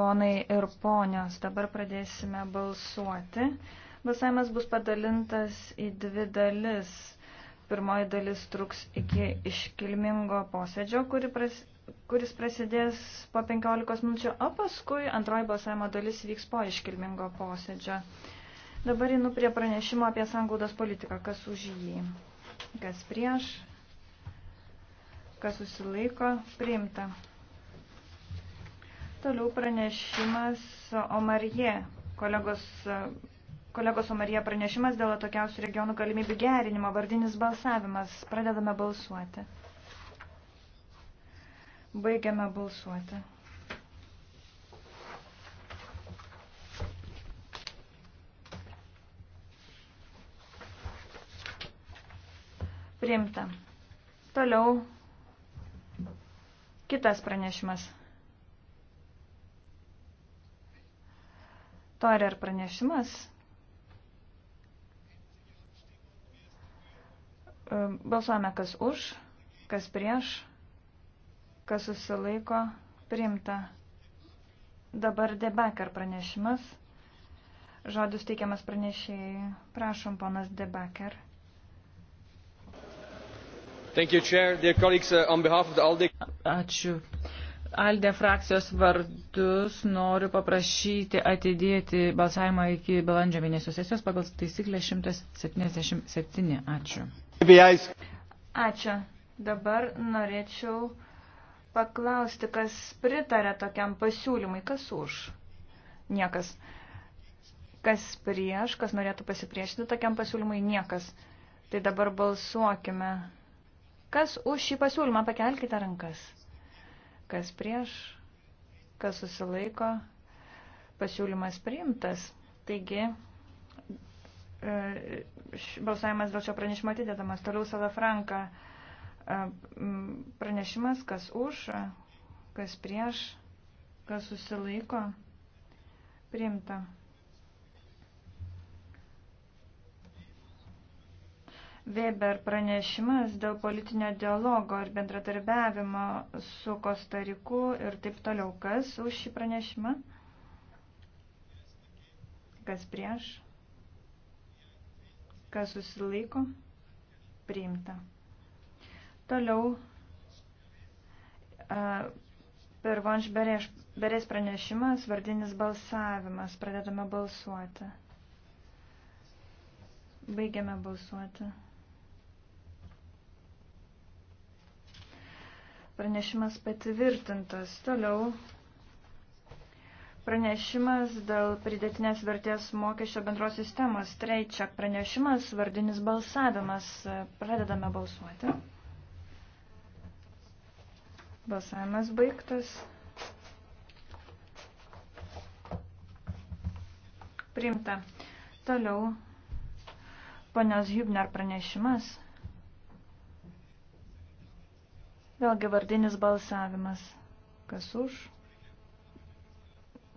Ponai ir ponios, dabar pradėsime balsuoti. Balsavimas bus padalintas į dvi dalis. Pirmoji dalis truks iki iškilmingo posėdžio, kuri pras, kuris prasidės po 15 minučių, o paskui antroji balsavimo dalis vyks po iškilmingo posėdžio. Dabar einu prie pranešimo apie sanglaudos politiką. Kas už jį? Kas prieš? Kas susilaiko? Priimta. Toliau pranešimas Omarie, kolegos, kolegos Omarie pranešimas dėl atokiausių regionų galimybių gerinimo, vardinis balsavimas. Pradedame balsuoti. Baigiame balsuoti. Priimta. Toliau kitas pranešimas. To ir pranešimas. E, balsuojame, kas už, kas prieš, kas susilaiko, priimta. Dabar debaker pranešimas. Žodis teikiamas pranešėjai. Prašom, ponas debaker. Uh, Ačiū. Alde frakcijos vardus noriu paprašyti atidėti balsavimą iki balandžio mėnesio sesijos pagal taisyklę 177. Ačiū. Ačiū. Dabar norėčiau paklausti, kas pritarė tokiam pasiūlymui, kas už. Niekas. Kas prieš, kas norėtų pasipriešinti tokiam pasiūlymui, niekas. Tai dabar balsuokime. Kas už šį pasiūlymą, pakelkite rankas kas prieš, kas susilaiko, pasiūlymas priimtas. Taigi, e, balsavimas dėl šio pranešimo atidedamas. Toliau Salafranka e, pranešimas, kas už, kas prieš, kas susilaiko, priimta. Weber pranešimas dėl politinio dialogo ir bendradarbiavimo su Kostariku ir taip toliau. Kas už šį pranešimą? Kas prieš? Kas susilaiko? Priimta. Toliau per Vonš Berės pranešimas, vardinis balsavimas. Pradedame balsuoti. Baigiame balsuoti. Pranešimas patvirtintas. Toliau. Pranešimas dėl pridėtinės vertės mokesčio bendros sistemos. Trečia pranešimas, vardinis balsavimas. Pradedame balsuoti. Balsavimas baigtas. Priimta. Toliau. Ponios Hübner pranešimas. Vėlgi vardinis balsavimas. Kas už?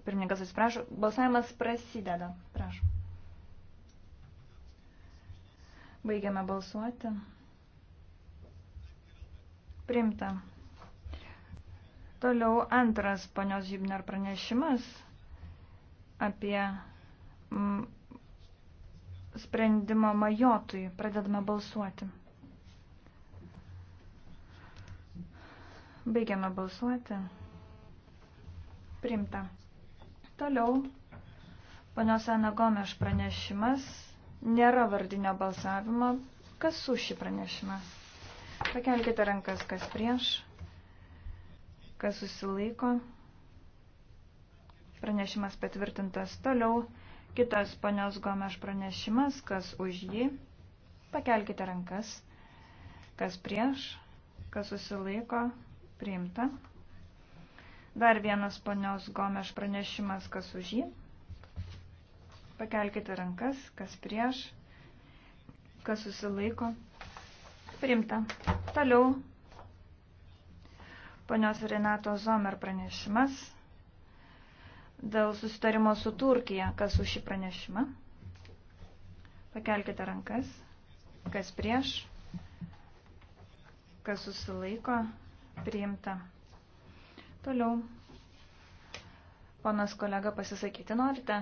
Pirmininkas atsiprašo. Balsavimas prasideda. Prašau. Baigiame balsuoti. Primta. Toliau antras ponios Žibner pranešimas apie mm, sprendimą majotui. Pradedame balsuoti. Baigiame balsuoti. Primta. Toliau. Ponios Ana Gomeš pranešimas. Nėra vardinio balsavimo. Kas už šį pranešimą? Pakelkite rankas, kas prieš, kas susilaiko. Pranešimas patvirtintas toliau. Kitas ponios Gomeš pranešimas, kas už jį. Pakelkite rankas, kas prieš, kas susilaiko priimta. Dar vienas ponios Gomeš pranešimas, kas už jį. Pakelkite rankas, kas prieš, kas susilaiko. Priimta. Toliau. Ponios Renato Zomer pranešimas. Dėl susitarimo su Turkija, kas už šį pranešimą. Pakelkite rankas, kas prieš, kas susilaiko. Priimta. Toliau. Ponas kolega, pasisakyti norite?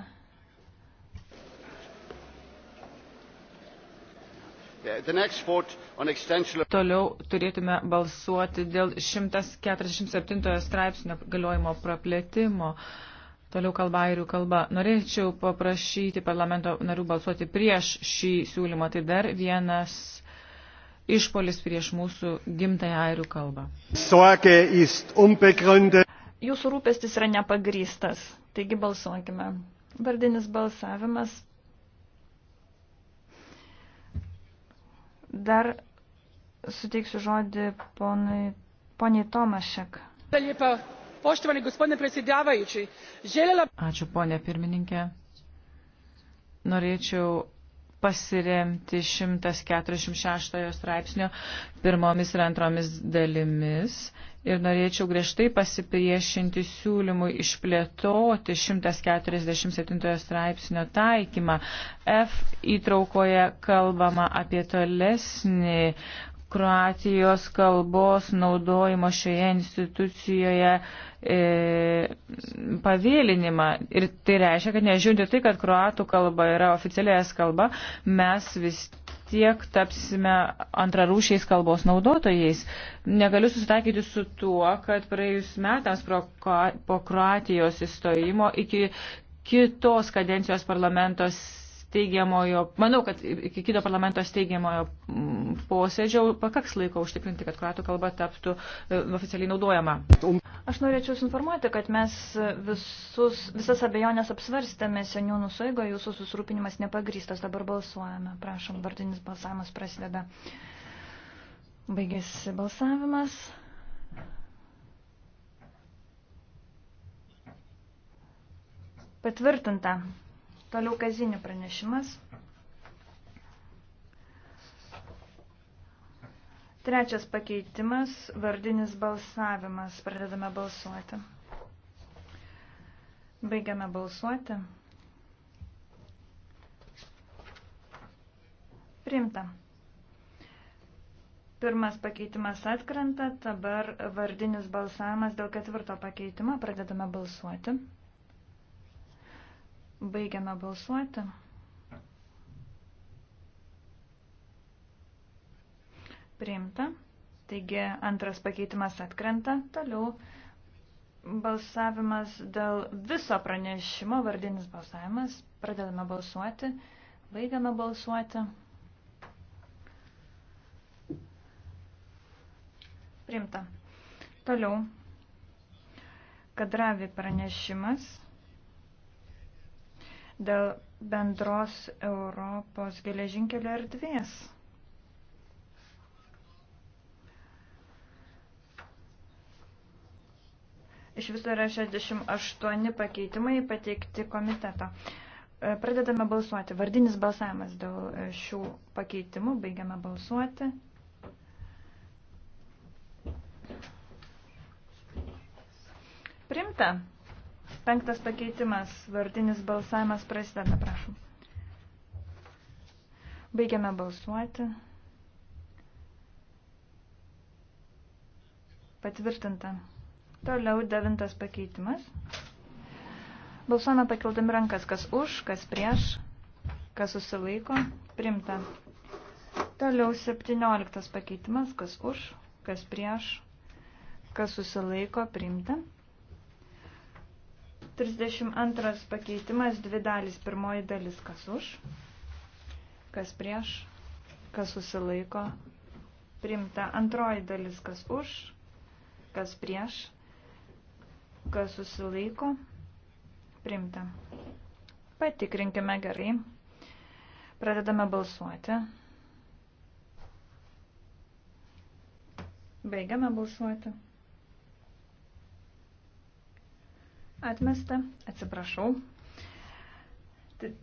Toliau turėtume balsuoti dėl 147 straipsnio galiojimo praplėtimo. Toliau kalba airių kalba. Norėčiau paprašyti parlamento narių balsuoti prieš šį siūlymą. Tai dar vienas išpolis prieš mūsų gimtąją airių kalbą. Jūsų rūpestis yra nepagrystas, taigi balsuokime. Vardinis balsavimas. Dar suteiksiu žodį ponui, poniai Tomašek. Ačiū, ponė pirmininkė. Norėčiau pasiremti 146 straipsnio pirmomis ir antromis dalimis. Ir norėčiau griežtai pasipriešinti siūlymui išplėtoti 147 straipsnio taikymą. F įtraukoje kalbama apie tolesnį Kroatijos kalbos naudojimo šioje institucijoje e, pavėlinimą. Ir tai reiškia, kad nežiūrint tai, kad kroatų kalba yra oficialės kalba, mes vis tiek tapsime antrarūšiais kalbos naudotojais. Negaliu susitaikyti su tuo, kad praėjus metams pro, po Kroatijos įstojimo iki kitos kadencijos parlamentos steigiamojo, manau, kad iki kito parlamento steigiamojo mm, posėdžio pakaks laiko užtikrinti, kad kroatų kalba taptų e, oficialiai naudojama. Aš norėčiau Jūs informuoti, kad mes visus, visas abejonės apsvarstėme seniūnų suigo, Jūsų susirūpinimas nepagrystas, dabar balsuojame. Prašom, vardinis balsavimas prasideda. Baigėsi balsavimas. Patvirtinta. Toliau kazinių pranešimas. Trečias pakeitimas – vardinis balsavimas. Pradedame balsuoti. Baigiame balsuoti. Priimta. Pirmas pakeitimas atkrenta, dabar vardinis balsavimas dėl ketvirto pakeitimo. Pradedame balsuoti. Pradedame balsuoti. Baigiame balsuoti. Priimta. Taigi antras pakeitimas atkrenta. Toliau balsavimas dėl viso pranešimo, vardinis balsavimas. Pradedame balsuoti. Baigiame balsuoti. Priimta. Toliau. Kadravi pranešimas dėl bendros Europos geležinkelio erdvės. Iš viso yra 68 pakeitimai pateikti komiteto. E, pradedame balsuoti. Vardinis balsavimas dėl e, šių pakeitimų. Baigiame balsuoti. Primta. Penktas pakeitimas, vardinis balsavimas prasideda, prašom. Baigiame balsuoti. Patvirtinta. Toliau devintas pakeitimas. Balsuojame pakeldami rankas, kas už, kas prieš, kas susilaiko, primta. Toliau 17 pakeitimas, kas už, kas prieš, kas susilaiko, primta. 32 pakeitimas, dvi dalis, pirmoji dalis, kas už, kas prieš, kas susilaiko, primta antroji dalis, kas už, kas prieš, kas susilaiko, primta. Patikrinkime gerai. Pradedame balsuoti. Baigiame balsuoti. Atmesta, atsiprašau.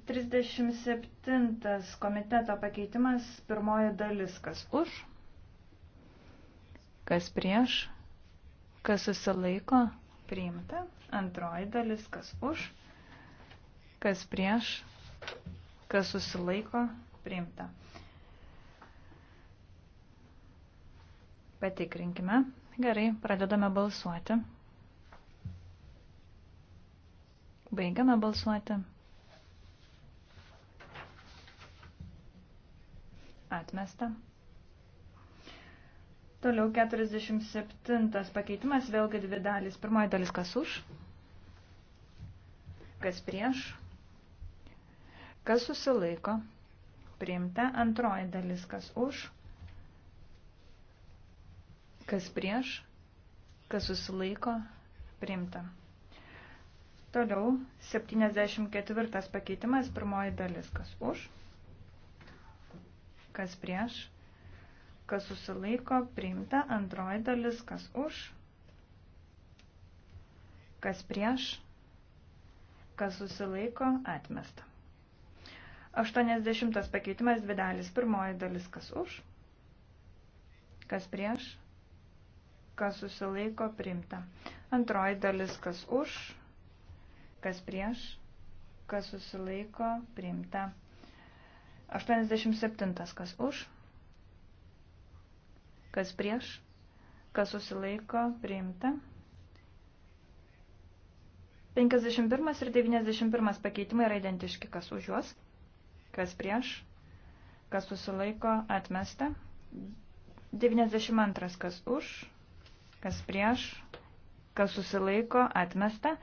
37 komiteto pakeitimas, pirmoji dalis, kas už, kas prieš, kas susilaiko, priimta. Antroji dalis, kas už, kas prieš, kas susilaiko, priimta. Patikrinkime. Gerai, pradedame balsuoti. Baigiame balsuoti. Atmesta. Toliau 47 pakeitimas, vėlgi dvi dalis. Pirmoji dalis kas už, kas prieš, kas susilaiko. Priimta antroji dalis kas už, kas prieš, kas susilaiko. Priimta. Toliau 74 pakeitimas, pirmoji dalis, kas už, kas prieš, kas susilaiko, priimta, antroji dalis, kas už, kas prieš, kas susilaiko, atmesta. 80 pakeitimas, dvi dalis, pirmoji dalis, kas už, kas prieš, kas susilaiko, priimta, antroji dalis, kas už, kas prieš, kas susilaiko, priimta. 87. Kas už, kas prieš, kas susilaiko, priimta. 51 ir 91 pakeitimai yra identiški, kas už juos, kas prieš, kas susilaiko, atmesta. 92 kas už, kas prieš, kas susilaiko, atmesta.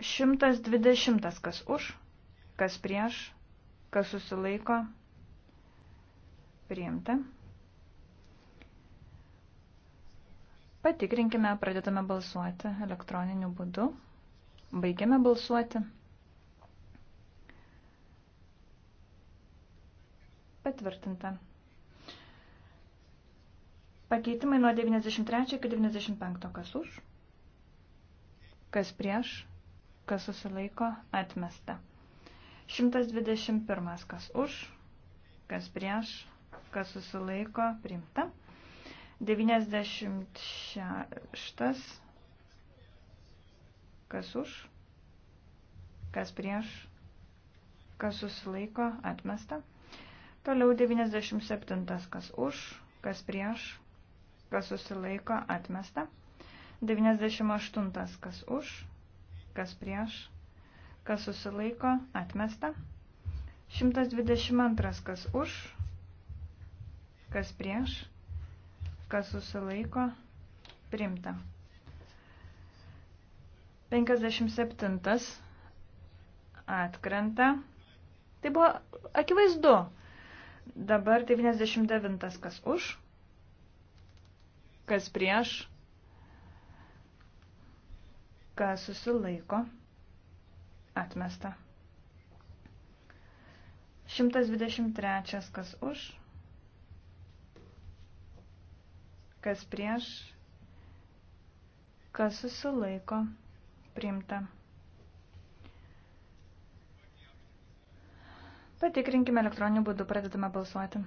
120 kas už, kas prieš, kas susilaiko, priimta. Patikrinkime, pradėtame balsuoti elektroniniu būdu. Baigiame balsuoti. Patvirtinta. Pakeitimai nuo 93 iki 95. Kas už? Kas prieš? kas susilaiko, atmesta. 121. Kas už, kas prieš, kas susilaiko, priimta. 96. Kas už, kas prieš, kas susilaiko, atmesta. Toliau 97. Kas už, kas prieš, kas susilaiko, atmesta. 98. Kas už, kas prieš, kas susilaiko, atmesta. 122, kas už, kas prieš, kas susilaiko, primta. 57 atkrenta. Tai buvo akivaizdu. Dabar 99 kas už, kas prieš, kas susilaiko, atmesta. 123, kas už, kas prieš, kas susilaiko, priimta. Patikrinkime elektroniniu būdu, pradedame balsuoti.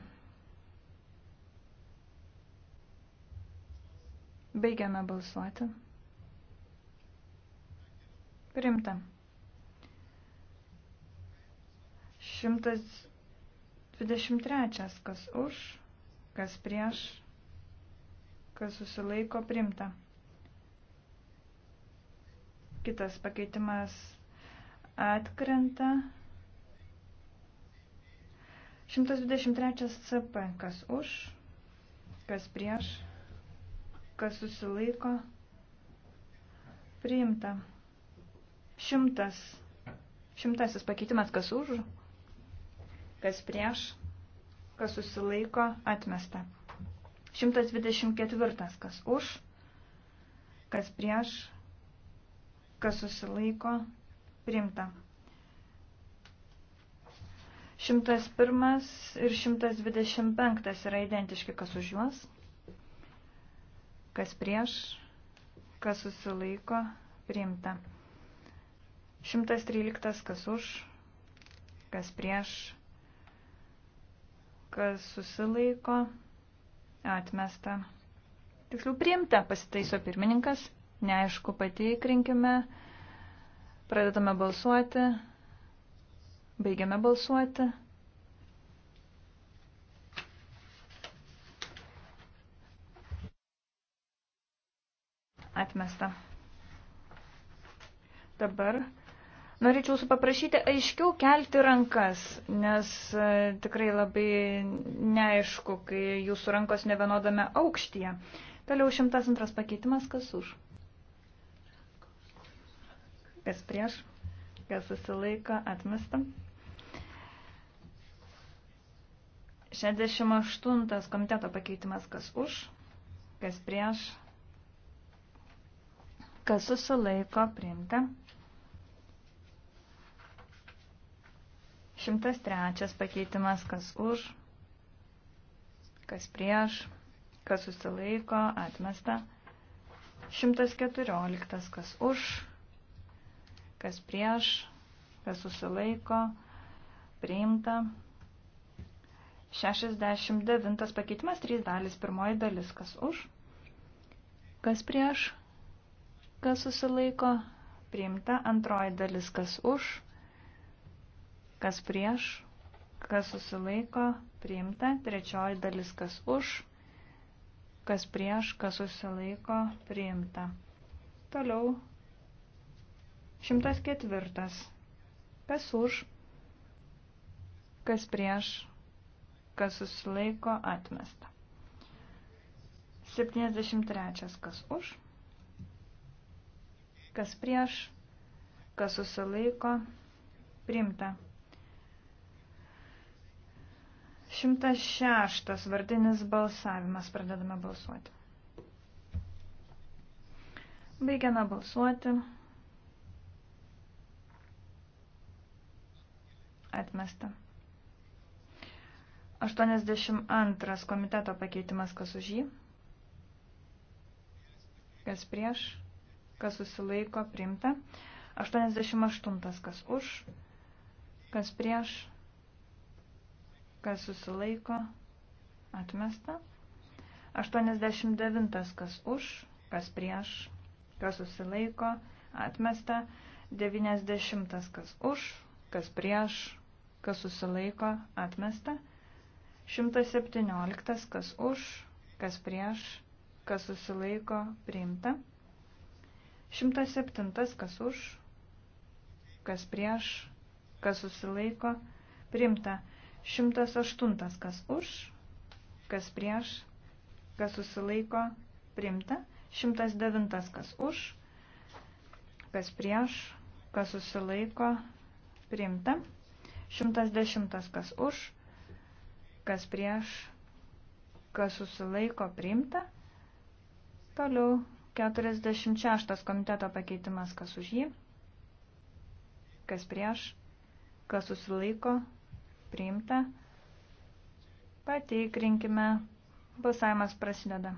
Baigiame balsuoti. Primta. 123. Kas už, kas prieš, kas susilaiko, primta. Kitas pakeitimas atkrenta. 123 CP. Kas už, kas prieš, kas susilaiko, priimta. Šimtas. Šimtasis pakeitimas kas už, kas prieš, kas susilaiko, atmesta. 124. Kas už, kas prieš, kas susilaiko, primta. 101 ir 125 yra identiški, kas už juos, kas prieš, kas susilaiko, primta. 113 kas už, kas prieš, kas susilaiko, atmesta. Tiksliau priimta, pasitaiso pirmininkas, neaišku, patikrinkime, pradedame balsuoti, baigiame balsuoti. Atmesta. Dabar Norėčiau jūsų paprašyti aiškiau kelti rankas, nes e, tikrai labai neaišku, kai jūsų rankos nevienodame aukštyje. Toliau 102 pakeitimas, kas už? Kas prieš? Kas susilaiko? Atmesta. 68 komiteto pakeitimas, kas už? Kas prieš? Kas susilaiko? Priimta. 103 pakeitimas, kas už, kas prieš, kas susilaiko, atmesta. 114, kas už, kas prieš, kas susilaiko, priimta. 69 pakeitimas, 3 dalis, pirmoji dalis, kas už, kas prieš, kas susilaiko, priimta, antroji dalis, kas už, kas prieš, kas susilaiko, priimta. Trečioji dalis, kas už, kas prieš, kas susilaiko, priimta. Toliau. 104. Kas už, kas prieš, kas susilaiko, atmesta. 73. Kas už, kas prieš, kas susilaiko, priimta. 106 vardinis balsavimas. Pradedame balsuoti. Baigiame balsuoti. Atmesta. 82 komiteto pakeitimas, kas už jį, kas prieš, kas susilaiko, priimta. 88 kas už, kas prieš, kas susilaiko, atmesta. 89 kas už, kas prieš, kas susilaiko, atmesta. 90 kas už, kas prieš, kas susilaiko, atmesta. 117 kas už, kas prieš, kas susilaiko, priimta. 107 kas už, kas prieš, kas susilaiko, priimta. 108. Kas už, kas prieš, kas susilaiko, priimta. 109. Kas už, kas prieš, kas susilaiko, priimta. 110. Kas už, kas prieš, kas susilaiko, priimta. Toliau 46. komiteto pakeitimas, kas už jį, kas prieš, kas susilaiko, priimta priimta. Patikrinkime. Balsavimas prasideda.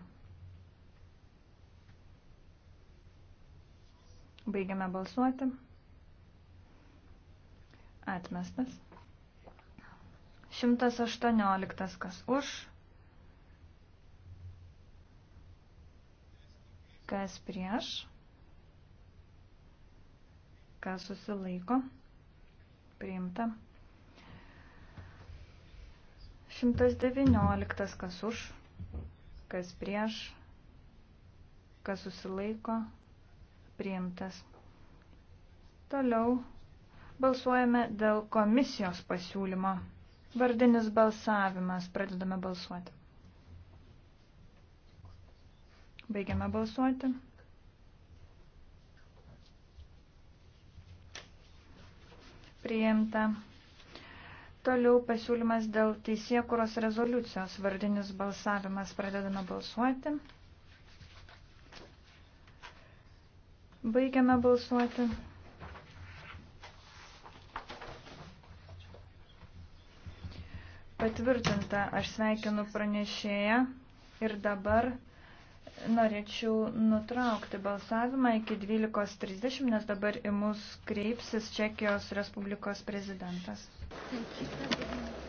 Baigiame balsuoti. Atmestas. 118. Kas už? Kas prieš? Kas susilaiko? Priimta. 119. Kas už, kas prieš, kas susilaiko, priimtas. Toliau balsuojame dėl komisijos pasiūlymo. Vardinis balsavimas. Pradedame balsuoti. Baigiame balsuoti. Priimta. Toliau pasiūlymas dėl teisėkuros rezoliucijos vardinis balsavimas. Pradedame balsuoti. Baigiame balsuoti. Patvirtinta, aš sveikinu pranešėją ir dabar Norėčiau nutraukti balsavimą iki 12.30, nes dabar į mus kreipsis Čekijos Respublikos prezidentas. Thank you.